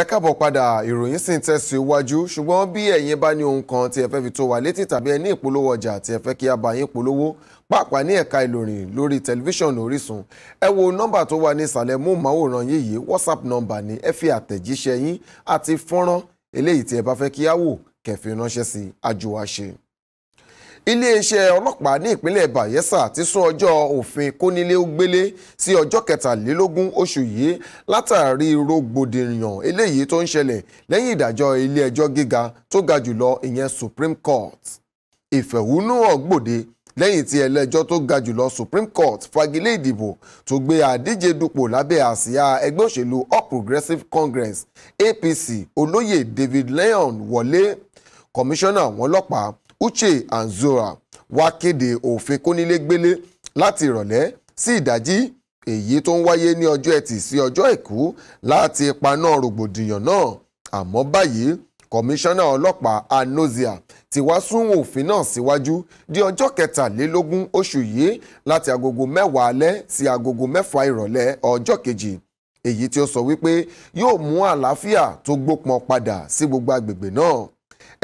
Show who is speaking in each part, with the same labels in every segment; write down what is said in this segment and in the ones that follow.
Speaker 1: ẹ káàbọ̀ padà ìròyìn sì ń tẹ̀síwájú ṣùgbọ́n bí ẹ̀yin bá ní ohun kan tí ẹ fẹ́ fi tó wa létí tàbí ẹ ní ìpolówó ọjà tí ẹ fẹ́ kí a bá yín polówó pàápàá ní ẹ̀ka ìlòrìn lórí tẹlifíṣàn Orísun ẹ wo nọ́mbà tó wà ní ìsàlẹ̀ móhùnmáwòrán yín yìí WhatsApp nọ́mbà ni ẹ fi àtẹ̀jíṣẹ́ yín àti fọ́nrán eléyìí tí ẹ bá fẹ́ kí á wò kẹ́ ránṣẹ́ sí àjò àṣe iléeṣẹ́ ọlọ́pàá ní ìpínlẹ̀ Bayelsa ti sún ọjọ́ òfin kónílé-ó-gbélé sí ọjọ́ kẹtàlélógún oṣù yìí látàrí rògbòdìyàn eléyìí tó ń ṣẹlẹ̀ lẹ́yìn ìdájọ́ ilé-ẹjọ́ gíga tó ga jùlọ ìyẹn Supreme Court ìfẹ̀hónúhàn gbòde lẹ́yìn tí ẹlẹ́jọ́ tó ga jùlọ Supreme Court fagilé ìdìbò tó gbé àdíje dupò lábẹ́ àsíá ẹgbẹ́ òṣèlú All Progressives Congress APC olóyè David Leon wọlé kọmíṣánná àwọn ọlọ́pàá Uche Anzora wá kéde òfin kónílégbélé láti ìrọ̀lẹ́ sí ìdájí èyí tó ń wáyé ní ọjọ́ ẹtì sí ọjọ́ àìkú láti paná rògbòdìyàn náà àmọ́ báyìí kọmíṣánná ọlọ́pàá Anozia ti wá sún òfin náà síwájú di ọjọ́ kẹtàlélógún oṣù yìí láti agogo mẹ́wàá alẹ́ sí agogo mẹ́fà ìrọ̀lẹ́ ọjọ́ kejì èyí tí ó sọ wípé yóò mú àlàáfíà tó gbópọn padà sí gbogbo agbègbè náà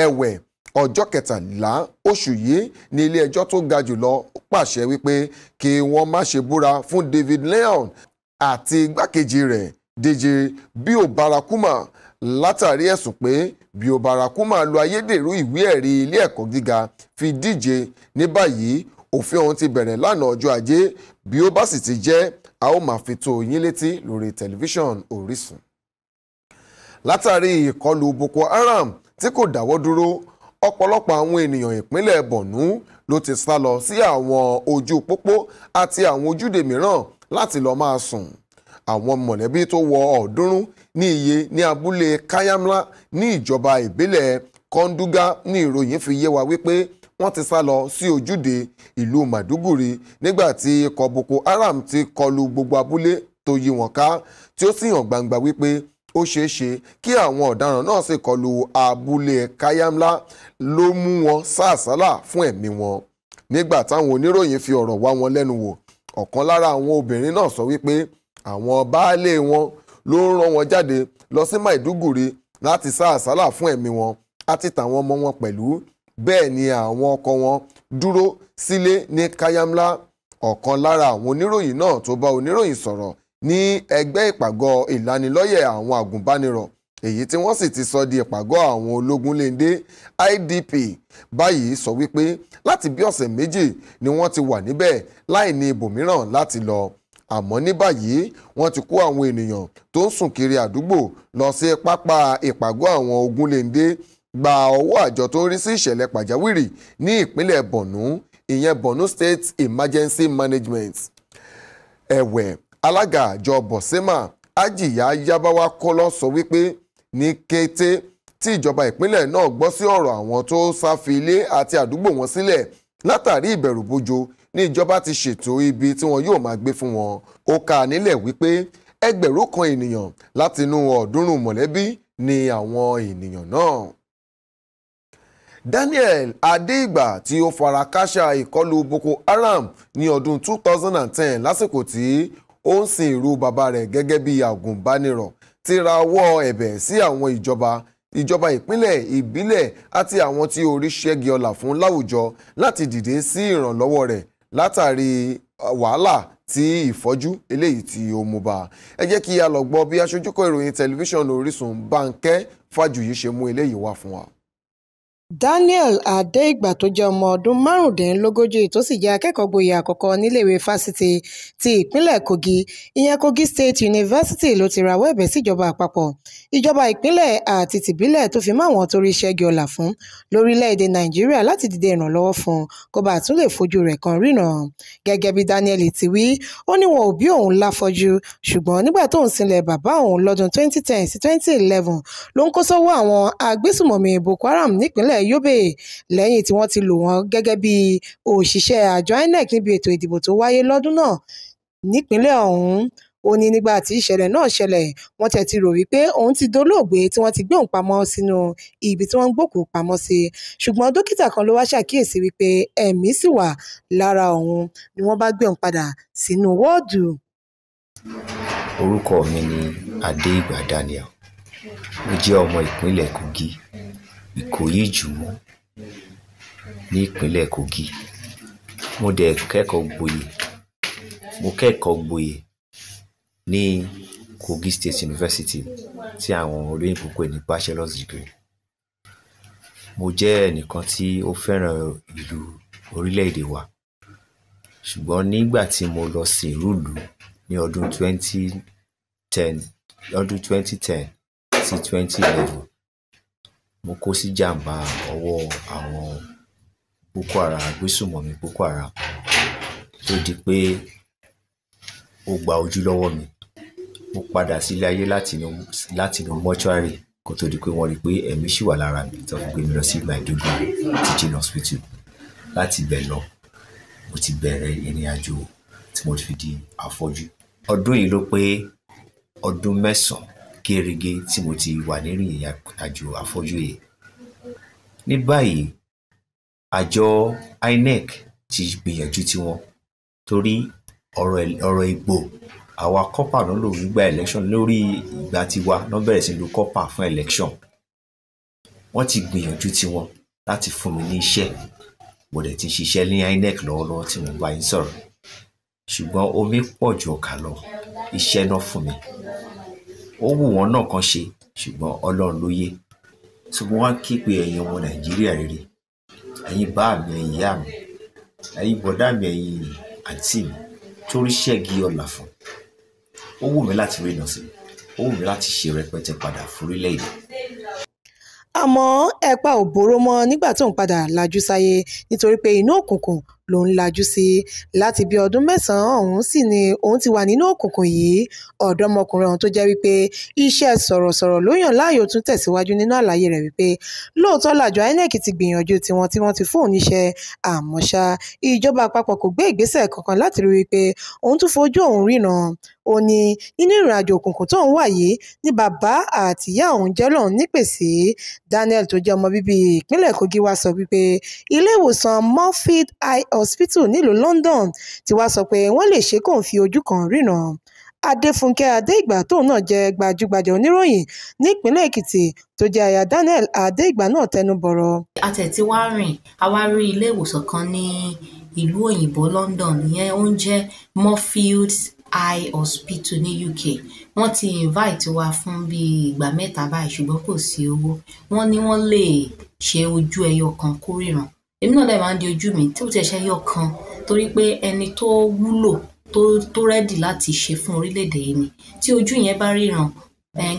Speaker 1: ẹ̀wẹ̀ ọjọ́ kẹtàlá oṣù yìí ní ilé ẹjọ́ tó ga jùlọ pàṣẹ wípé kí wọ́n má ṣe búra fún David Leon àti igbákejì rẹ̀ Dèjì Bíò Barakuma látàrí ẹ̀sùn pé Bíò Barakuma lo ayédèrú ìwé ẹ̀rí ilé ẹ̀kọ́ gíga fi díje ní báyìí òfin ọ̀hún ti bẹ̀rẹ̀ lánàá ọjọ́ ajé bí ó bá sì ti jẹ́ a ó máa fi tó yín létí lórí tẹlifíṣàn Orísun látàrí ìkọlù Boko Haram tí kò dáwọ́ dúró ọ̀pọ̀lọpọ̀ àwọn ènìyàn ìpínlẹ̀ bọ̀nú ló ti sá lọ sí àwọn ojú pópó àti àwọn ojúde mìíràn láti lọ́ọ́ máa sùn àwọn mọ̀lẹ́bí tó wọ ọ̀ọ́dúnrún ní iye ní abúlé kayamla ní ìjọba ìbílẹ̀ kọ́ndúgá ní ìròyìn fi yé wa wípé wọ́n ti sá lọ sí ojúde ìlú Màdúgùrí nígbà tí ikọ̀ Boko Haram ti kọlu gbogbo abúlé tó yí wọn ká tí ó sì hàn gbangba wípé ó ṣeé ṣe kí àwọn ọ̀daràn náà sì kọlu abúlé kayamla ló mú wọn sàsálà fún ẹ̀mí wọn nígbà táwọn oníròyìn fi ọ̀rọ̀ wá wọn lẹ́nu wò ọ̀kan lára àwọn obìnrin náà sọ wípé àwọn baálé wọn ló ń rán wọn jáde lọ sí Maiduguri láti sàsálà fún ẹ̀mí wọn àti tàwọn ọmọ wọn pẹ̀lú bẹ́ẹ̀ ni àwọn ọkọ wọn dúró sílé ní kayamla ọ̀kan lára àwọn oníròyìn náà tó bá oníròyìn sọ̀rọ̀ ní ẹgbẹ́ ìpàgọ́ ìlanilọ́yẹ̀ àwọn agùnbánirọ̀ èyí tí wọ́n sì ti sọ di ìpàgọ́ àwọn ológunléndé IDP báyìí sọ wípé láti bí ọ̀sẹ̀ méjì ni wọ́n ti wà níbẹ̀ láì ní ibòmíràn láti lọ àmọ́ ní báyìí wọ́n ti kó àwọn ènìyàn tó ń sùn kiri àdúgbò lọ sí pápá ìpàgọ́ àwọn ogunléndé gba ọwọ́ àjọ tó ń rí sí ìṣẹ̀lẹ̀ pàjáwìrì ní ìpínlẹ̀ Borno ìyẹn Borno State Emergency Management ẹ̀wẹ̀ alága àjọ bọ̀sẹ́mà ajiya yabawa kọ́lọ́ sọ wípé ní kété tí ìjọba ìpínlẹ̀ náà gbọ́ sí ọ̀rọ̀ àwọn tó sáfi ilé àti àdúgbò wọn sílẹ̀ látàrí ìbẹ̀rùbojo ní ìjọba ti ṣètò ibi tí wọn yóò máa gbé fún wọn ó kà nílẹ̀ wípé ẹgbẹ̀rún kan ènìyàn látinú ọ̀ọ́dúnrún mọ̀lẹ́bí ni àwọn ènìyàn náà. Daniel Adéìgbà tí ó fara káṣá ìkọlù Boko Haram ní ọdún 2010 lásìkò tí ó ń sin ìrú bàbá rẹ̀ gẹ́gẹ́ bí àgùnbánirọ̀ ti ra ọwọ́ ẹ̀bẹ̀ sí àwọn ìjọba ìjọba ìpínlẹ̀ ìbílẹ̀ àti àwọn tí orí ṣẹ́gi ọlà fún láwùjọ láti dìde sí ìrànlọ́wọ́ rẹ̀ látàrí wàhálà tí ìfọ́jú eléyìí tí ó mú bá ẹ jẹ́ kí a lọ gbọ́ bí aṣojúkọ ìròyìn tẹlifíṣàn Orísun Bánkẹ́ Fájuyì ṣe mú eléyìí wá fún wa.
Speaker 2: Daniel Adéìgbà tó jẹ́ ọmọ ọdún márùndínlógójì tó sì jẹ́ akẹ́kọ̀ọ́-gboyè àkọ́kọ́ níléèwé Fásitì ti ìpínlẹ̀ Kogi ìyẹn Kogi State University ló ti rawọ́ ẹ̀bẹ̀ síjọba àpapọ̀, ìjọba ìpínlẹ̀ àti tìbílẹ̀ tó fi mọ́ àwọn tó rí iṣẹ́-igi ọlá fún lórílẹ̀-èdè Nàìjíríà láti dìde ìrànlọ́wọ́ fún un kó bàa tún lè fojú rẹ̀ kan ríran. Gẹ́gẹ́ bí Daniel ti wí, ó ní wọn ò bí òun láfọ́jú ṣùgbọ́n nígbà tóun sìnlẹ̀ bàbá òun lọ́dún 2010 sí 2011 lòun kó sọ́wọ́ àwọn agbésùmọ̀mí Boko Haram nípínlẹ̀ ìpínlẹ̀ yobe lẹ́yìn tí wọ́n ti lò wọ́n gẹ́gẹ́ bí òṣìṣẹ́ àjọ inec níbi ètò ìdìbò tó wáyé lọ́dún náà nípínlẹ̀ ọ̀hún ó ní nígbà tí ìṣẹ̀lẹ̀ náà ṣẹlẹ̀ wọ́n tẹ̀ ti rò wípé òun ti dolóògbé tí wọ́n ti gbé òun pamọ́ sínú ibi tí wọ́n ń gbòkú pamọ́ sí ṣùgbọ́n dókítà kan ló wá ṣàkíyèsí wípé ẹ̀mí sì wà lára òun ni wọ́n bá gbé òun padà sínú wọ́ọ̀dù.
Speaker 3: orúkọ mi ni adéìgbà daniel mo jẹ́ ọmọ ìpínlẹ̀ kogi Ìkòyíjú ní ìpínlẹ̀ Kogi. Mo dẹ̀ kẹ́kọ̀ọ́ gboyè. Mo kẹ́kọ̀ọ́ gboyè ní Kogi State University tí àwọn olóyìnbo pè ní bachelor's degree. Mo jẹ́ ẹnìkan tí ó fẹ́ràn ìlú orílẹ̀-èdè wa. Ṣùgbọ́n nígbà tí mo lọ sìnrú ní ọdún 2010, ọdún 2010 sí 2011, mo kó sí jàǹbá ọwọ́ àwọn boko haram agbésùmọ̀mí boko haram tó di pé ó gba ojú lọ́wọ́ mi mo padà sílé ayé láti inú mọ́ṣúárì kó tó di pé wọ́n rí i pé ẹ̀mí ṣì wà lára mi tó fi gbé mi lọ sí Maiduguri teaching hospital láti ibẹ̀ lọ mo ti bẹ̀rẹ̀ ìrìn àjò tí mo fi di afọ́jú ọdún yìí ló pé ọdún mẹ́sàn-án kéréje tí mo ti wà nírú ìrìn àjò àfọ́jú yìí. Ní báyìí, àjọ INEC ti gbìyànjú tiwọn torí ọ̀rọ̀ ìgbò àwa kọ́pà ló ń lò nígbà election lórí ìgbà tiwa lọ́n bẹ̀rẹ̀ sí lo kọ́pà fún election. Wọ́n ti gbìyànjú tiwọn láti fún mi ní iṣẹ́. Mo dẹ̀ ti ń ṣiṣẹ́ ní INEC lọ́wọ́lọ́wọ́ tí mo bá yín sọ̀rọ̀. Ṣùgbọ́n omi pọ̀ ju ọkà lọ. Iṣẹ́ náà fún mi ó wù wọ́n náà kan ṣe ṣùgbọ́n ọlọ́run ló yé tí mo wá kí pé ẹ̀yin ọmọ nàìjíríà rere ẹ̀yin bá mi ẹ̀yin ìyá mi ẹ̀yin bọ̀dá mi ẹ̀yin àǹtí mi torí ṣẹ́gi ọ̀là fún ó wù mí láti rí ìnàsí ó wù mí láti ṣe rẹpẹtẹ padà forílẹ̀-èdè.
Speaker 2: àmọ́ ẹ̀pa ò bóró mọ́ nígbà tó ń padà lajú sáyé nítorí pé inú òkùnkùn lòun lajú sí láti bí ọdún mẹ́sàn-án ọ̀hún sì ni òun ti wà nínú òkùnkùn yìí ọ̀dọ́mọkùnrin ọ̀hún tó jẹ́ wípé iṣẹ́ sọ̀rọ̀sọ̀rọ̀ ló yàn láàyò tún tẹ̀síwájú nínú àlàyé rẹ̀ wípé lóòótọ́ làjọ INEC ti gbìyànjú tiwọn tí wọ́n ti fún òun níṣẹ́ àmọ́ṣá ìjọba àpapọ̀ kò gbé ìgbésẹ̀ kankan láti rí wípé òun tún fojú òun ríran ó ní nínú ìrìnàjò òkùnkùn tó ń wà yìí ní bàbá àti ìyá òun jẹ́ lòun nípèsè Daniel tó jẹ́ ọmọ bíbí ìpínlẹ̀ Kogi wá sọ wípé ilé ìwòsàn Moffitt eye hospital nílùú London ti wá sọ pé wọ́n lè ṣe kóun fi ojú kan ríran adéfúnkẹ́ adéìgbà tóun náà jẹ́ gbajúgbajà oníròyìn nípínlẹ̀ èkìtì tó jẹ́ aya daniel adéìgbà náà tẹnu bọ̀rọ̀.
Speaker 4: àtẹ̀tí wá rìn a wá rí ilé ìwòsàn kan ní ìlú òyìnbó London ìyẹn ó ń Eye Hospital ní UK wọ́n ti invite wa fún bíi ìgbà mẹ́ta báyìí ṣùgbọ́n kò sí owó wọ́n ní wọ́n lè ṣe ojú ẹyọ kan kó èmi náà dẹ̀ máa ń di ojú mi tí ó ti ẹ̀ ṣe ẹyọ kan torí pé ẹni tó wúlò tó tó rẹ́dì láti ṣe fún orílẹ̀-èdè yìí ni tí ojú yẹn bá ríran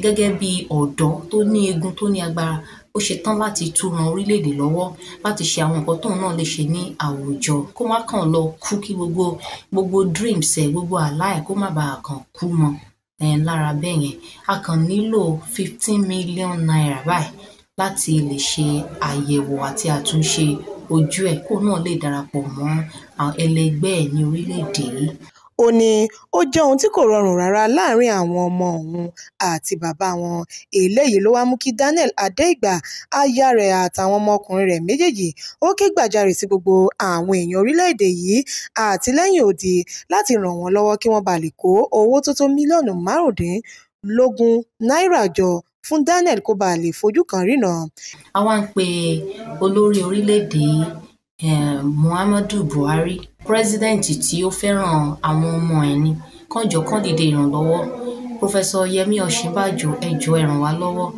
Speaker 4: gẹ́gẹ́ bí ọ̀dọ́ tó ní egun tó ní agbára ó ṣe tán láti tún ran orílẹ̀-èdè lọ́wọ́ láti ṣe àwọn nǹkan tóun náà lè ṣe ní àwùjọ kó má kàn lọ kú kí gbogbo gbogbo dreams ẹ̀ gbogbo àlá ẹ̀ kó má bàa kàn kú mọ́ lára bẹ́ẹ̀ yẹn a kàn nílò fifteen million naira báyìí láti lè ṣe àyẹ̀wò àti àtúnṣe ojú ẹ̀ kó náà lè darapọ̀ mọ́ àwọn ẹlẹgbẹ́ ẹ̀ ní orílẹ̀-èdè yìí
Speaker 2: ó ní ó jẹ́ ohun tí kò rọrùn rárá láàrin àwọn ọmọ òun àti bàbá wọn eléyìí ló wá mú kí Daniel Adéìgbà aya rẹ̀ àtàwọn ọmọkùnrin rẹ̀ méjèèjì ó ké gbàjarè sí gbogbo àwọn èèyàn orílẹ̀-èdè yìí àtìlẹ́yìn òdì láti ràn wọ́n lọ́wọ́ kí wọ́n bàa lè kó owó tó tó mílíọ̀nù márùndínlógún náírà jọ fún daniel kó bàa lè fojú kan ríran.
Speaker 4: a wá ń pe olórí orílẹ̀-èdè eh, muhammadu buhari pírẹsidẹ́ǹtì tí ó fẹ́ràn àwọn ọmọ ẹ̀ ni kànjọ́ kan dìde ìrànlọ́wọ́ Professor Yemi Osinbajo ẹ jọ̀ọ́ ẹ ràn wá lọ́wọ́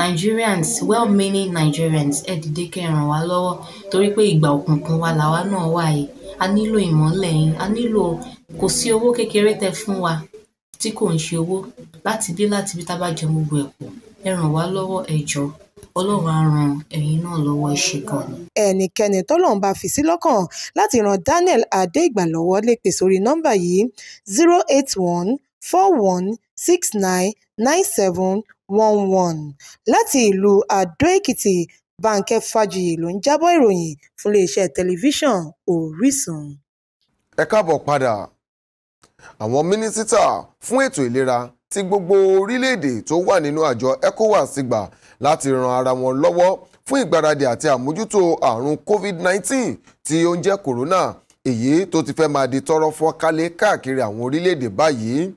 Speaker 4: Nigerians well meaning Nigerians ẹ dìde kẹ́ ẹ ràn wá lọ́wọ́ torí pé ìgbà òkùnkùn wa làwa náà wà yìí a nílò ìmọ́lẹ̀ yín a nílò kò sí owó kékeré tẹ́ fún wa tí kò ń ṣe owó láti bí láti bí tá a bá jẹun gbogbo ẹ̀ pọ̀ ẹ ràn wá lọ́wọ́ ẹ jọ̀ọ́ ọlọ́run á ran ẹ̀yin náà lọ́wọ́ ẹ ṣe gan
Speaker 2: ẹnikẹ́ni tọ́lọ́run bá fi sí lọ́kàn láti ran daniel adéìgbà lọ́wọ́ lè pè sórí nọ́mbà yìí zero eight one four one six nine nine seven one one láti ìlú adó-èkìtì bánkẹ́ fájuyì ló ń jábọ̀ ìròyìn fún iléeṣẹ́ tẹlifíṣàn orísun.
Speaker 1: ẹ káàbọ̀ padà àwọn mínísítà fún ètò ìlera tí gbogbo orílẹ̀-èdè tó wà nínú àjọ ECOWAS gbà láti ran ara wọn lọ́wọ́ fún ìgbáradì àti àmójútó àrùn COVID-19 tí ó ń jẹ́ corona èyí tó ti fẹ́ máa di tọ́rọ́ fọ́nkálẹ̀ káàkiri àwọn orílẹ̀-èdè báyìí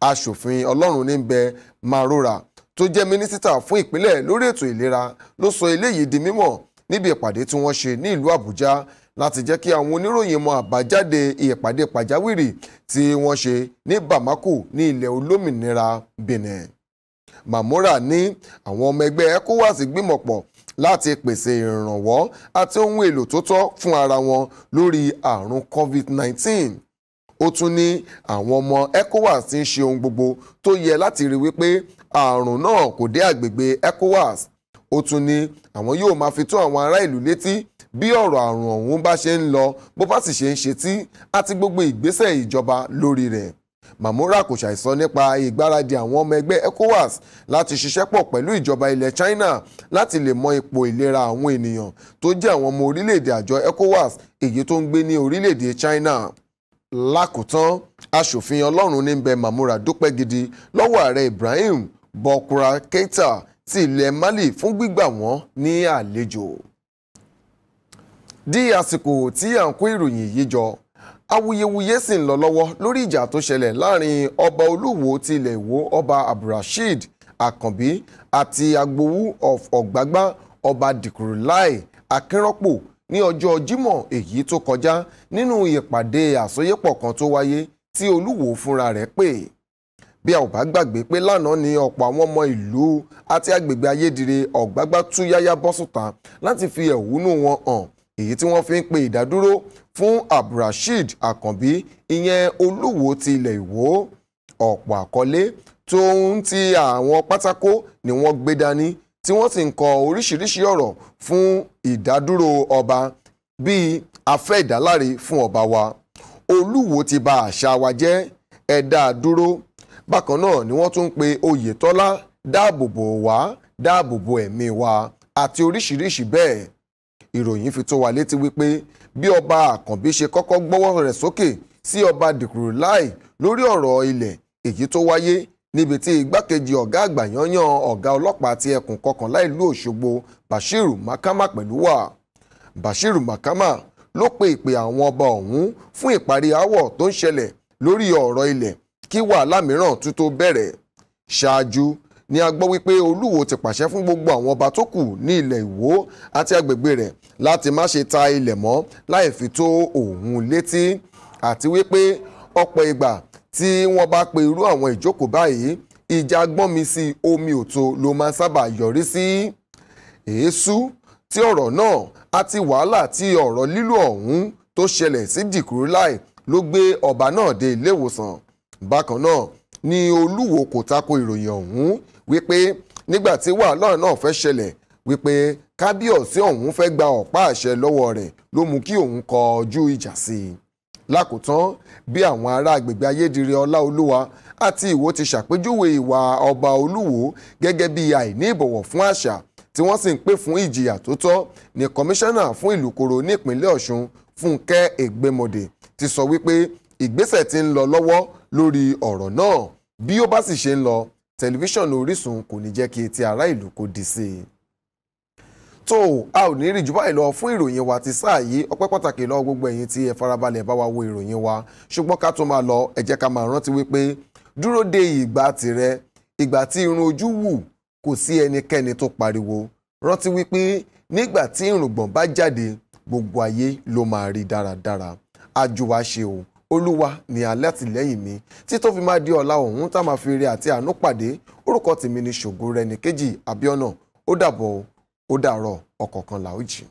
Speaker 1: aṣòfin ọlọ́run ní bẹ marora tó jẹ́ mínísítà fún ìpínlẹ̀ lórí ètò ìlera ló sọ eléyìí di mímọ̀ níbi ìpàdé tí wọ́n ṣe ní ìlú àbújá láti jẹ́ kí àwọn oníròyìn mọ àbájáde ìpàdé pàjáwìrì tí wọ́n ṣe ní Bamako ní ilẹ̀ olómìnira Benin. Mamora ní àwọn ọmọ ẹgbẹ́ ECOWAS gbìmọ̀pọ̀ láti pèsè ìrànwọ́ àti ohun èlò tó tọ́ fún ara wọn lórí àrùn COVID-19 ó tún ní àwọn ọmọ ECOWAS ti ń ṣe ohun gbogbo tó yẹ láti rí wípé àrùn náà kò dé àgbègbè ECOWAS ó tún ní àwọn yóò máa fi tó àwọn ará ìlú létí bí ọ̀rọ̀ àrùn ọ̀hún bá ṣe ń lọ bó bá sì ṣe ń ṣe àti gbogbo ìgbésẹ̀ ìjọba lórí rẹ̀ Mamora kò ṣàìsọ nípa ìgbáradì àwọn ọmọ ẹgbẹ́ ECOWAS láti ṣiṣẹ́ pọ̀ pẹ̀lú ìjọba ilẹ̀ China láti lè mọ ipò ìlera àwọn ènìyàn tó jẹ́ àwọn ọmọ orílẹ̀-èdè àjọ ECOWAS èyí tó ń gbé ní orílẹ̀-èdè China lákòótán aṣòfin ọlọ́run ní bẹ̀ Mamora dúpẹ́ gidi lọ́wọ́ ààrẹ Ibrahim Bokura Keita ti ilẹ̀ Mali fún gbígbà wọ́n ní àlejò di àsìkò tí à ń kó ìròyìn yìí jọ awuyewuye sì ń lọ lọ́wọ́ lórí ìjà tó ṣẹlẹ̀ láàrin ọba olúwo ti ilẹ̀ ìwó ọba abdulrasheed àkànbí àti agbowó of ọ̀gbágbá ọba dìkùrùláì akínrọ́pò ní ọjọ́ jímọ̀ èyí tó kọjá nínú ìpàdé àsọyépọ̀ kan tó wáyé tí olúwo fúnra rẹ̀ pè bí a ò bá gbàgbé pé lánàá ni ọ̀pọ̀ àwọn ọmọ ìlú àti agbègbè ayédire ọ̀gbágbá tú yáyá bọ́sùta láti fi ẹ̀hónú wọn hàn èyí tí wọ́n fi ń pe ìdádúró fún abdulrasheed akànbí ìyẹn olúwo ti ilẹ̀ ìwó ọ̀pọ̀ àkọlé tóun ti àwọn pátákó ni wọ́n gbé dání tí wọ́n sì ń kọ oríṣiríṣi ọ̀rọ̀ fún ìdádúró ọba bíi afẹ́ ìdáláre fún ọba wa olúwo ti ba àṣà wa jẹ́ ẹ dúró bákan náà ni wọ́n tún ń pe oyètọ́lá dáàbòbò wá dáàbòbò ẹ̀mí wa àti oríṣiríṣi bẹ́ẹ̀ ìròyìn fi tó wa létí wípé bí ọba àkànbí ṣe kọ́kọ́ gbọ́wọ́ rẹ̀ sókè sí ọba dìkùrùláì lórí ọ̀rọ̀ ilẹ̀ èyí tó wáyé níbi tí igbákejì ọ̀gá àgbà yanyan ọ̀gá ọlọ́pàá ti ẹkùn kọkànlá ìlú Òṣogbo Bashiru Makama pẹ̀lú wà Bashiru Makama ló pe ìpè àwọn ọba ọ̀hún fún ìparí aáwọ̀ tó ń ṣẹlẹ̀ lórí ọ̀rọ̀ ilẹ̀ kí wàhálà mìíràn tún bẹ̀rẹ̀ ṣáájú ni a gbọ́ wípé olúwo ti pàṣẹ fún gbogbo àwọn ọba tó kù ní ilẹ̀ ìwó àti agbègbè rẹ̀ láti má ṣe ta ilẹ̀ mọ́ láì fi tó òun létí àti wípé ọ̀pọ̀ ìgbà tí wọ́n bá pe irú àwọn ìjókòó báyìí ìjà gbọ́nmi sí omi òtó ló máa sábà yọrí sí èésú tí ọ̀rọ̀ náà àti wàhálà tí ọ̀rọ̀ lílù ọ̀hún tó ṣẹlẹ̀ sí dìkúrúláì ló gbé ọba náà dé ilé ìwòsàn bákan náà ni olúwo kò tako ìròyìn ọ̀hún wípé nígbà tí wàhálà náà fẹ́ ṣẹlẹ̀ wípé kábíyọ̀sí ọ̀hún fẹ́ gba ọ̀pá àṣẹ lọ́wọ́ rẹ̀ ló mú kí òun kọ ojú ìjà sí i lákòótán bí àwọn ará agbègbè ayédire ọláolúwa àti ìwó ti ṣàpèjúwe ìwà ọba olúwo gẹ́gẹ́ bí àìní ìbọ̀wọ̀ fún àṣà tí wọ́n sì ń pè fún ìjìyà tó tọ́ ní kọmíṣánná fún ìlúkoro nípínlẹ̀ ọ̀ṣun fúnkẹ́ ẹgbẹ́mọdé ti sọ wípé ìgbésẹ̀ ti ń lọ lọ́wọ́ lórí ọ̀rọ̀ náà bí ó bá sì ṣe ń lọ tẹlifíṣàn Orísun kò ní jẹ́ kí etí ará ìlú kó di sí i. tó a ò ní rí jù báyìí lọ fún ìròyìn wa ti sáà yìí ọpẹ́ pàtàkì lọ́wọ́ gbogbo ẹ̀yin tí ẹ farabalẹ̀ bá wa wo ìròyìn wa ṣùgbọ́n ká tó máa lọ ẹ jẹ́ ká máa rántí wípé dúró de ìgbà tìrẹ ìgbà tí irun ojú wù kò sí ẹnikẹ́ni tó pariwo rántí wípé nígbà tí irùngbọ̀n bá jáde gbogbo ayé ló máa rí dáradára àjò ṣe o olúwa ní alátìlẹ́yìn mi tí tó fi máa di ọ̀la ọ̀hún tá máa fi ire àti àánú pàdé orúkọ tèmi ni ṣògo rẹ̀ ní kejì abiona ó dàbọ̀ ó dàrọ̀ ọ̀kọ̀ọ̀kan làó jì.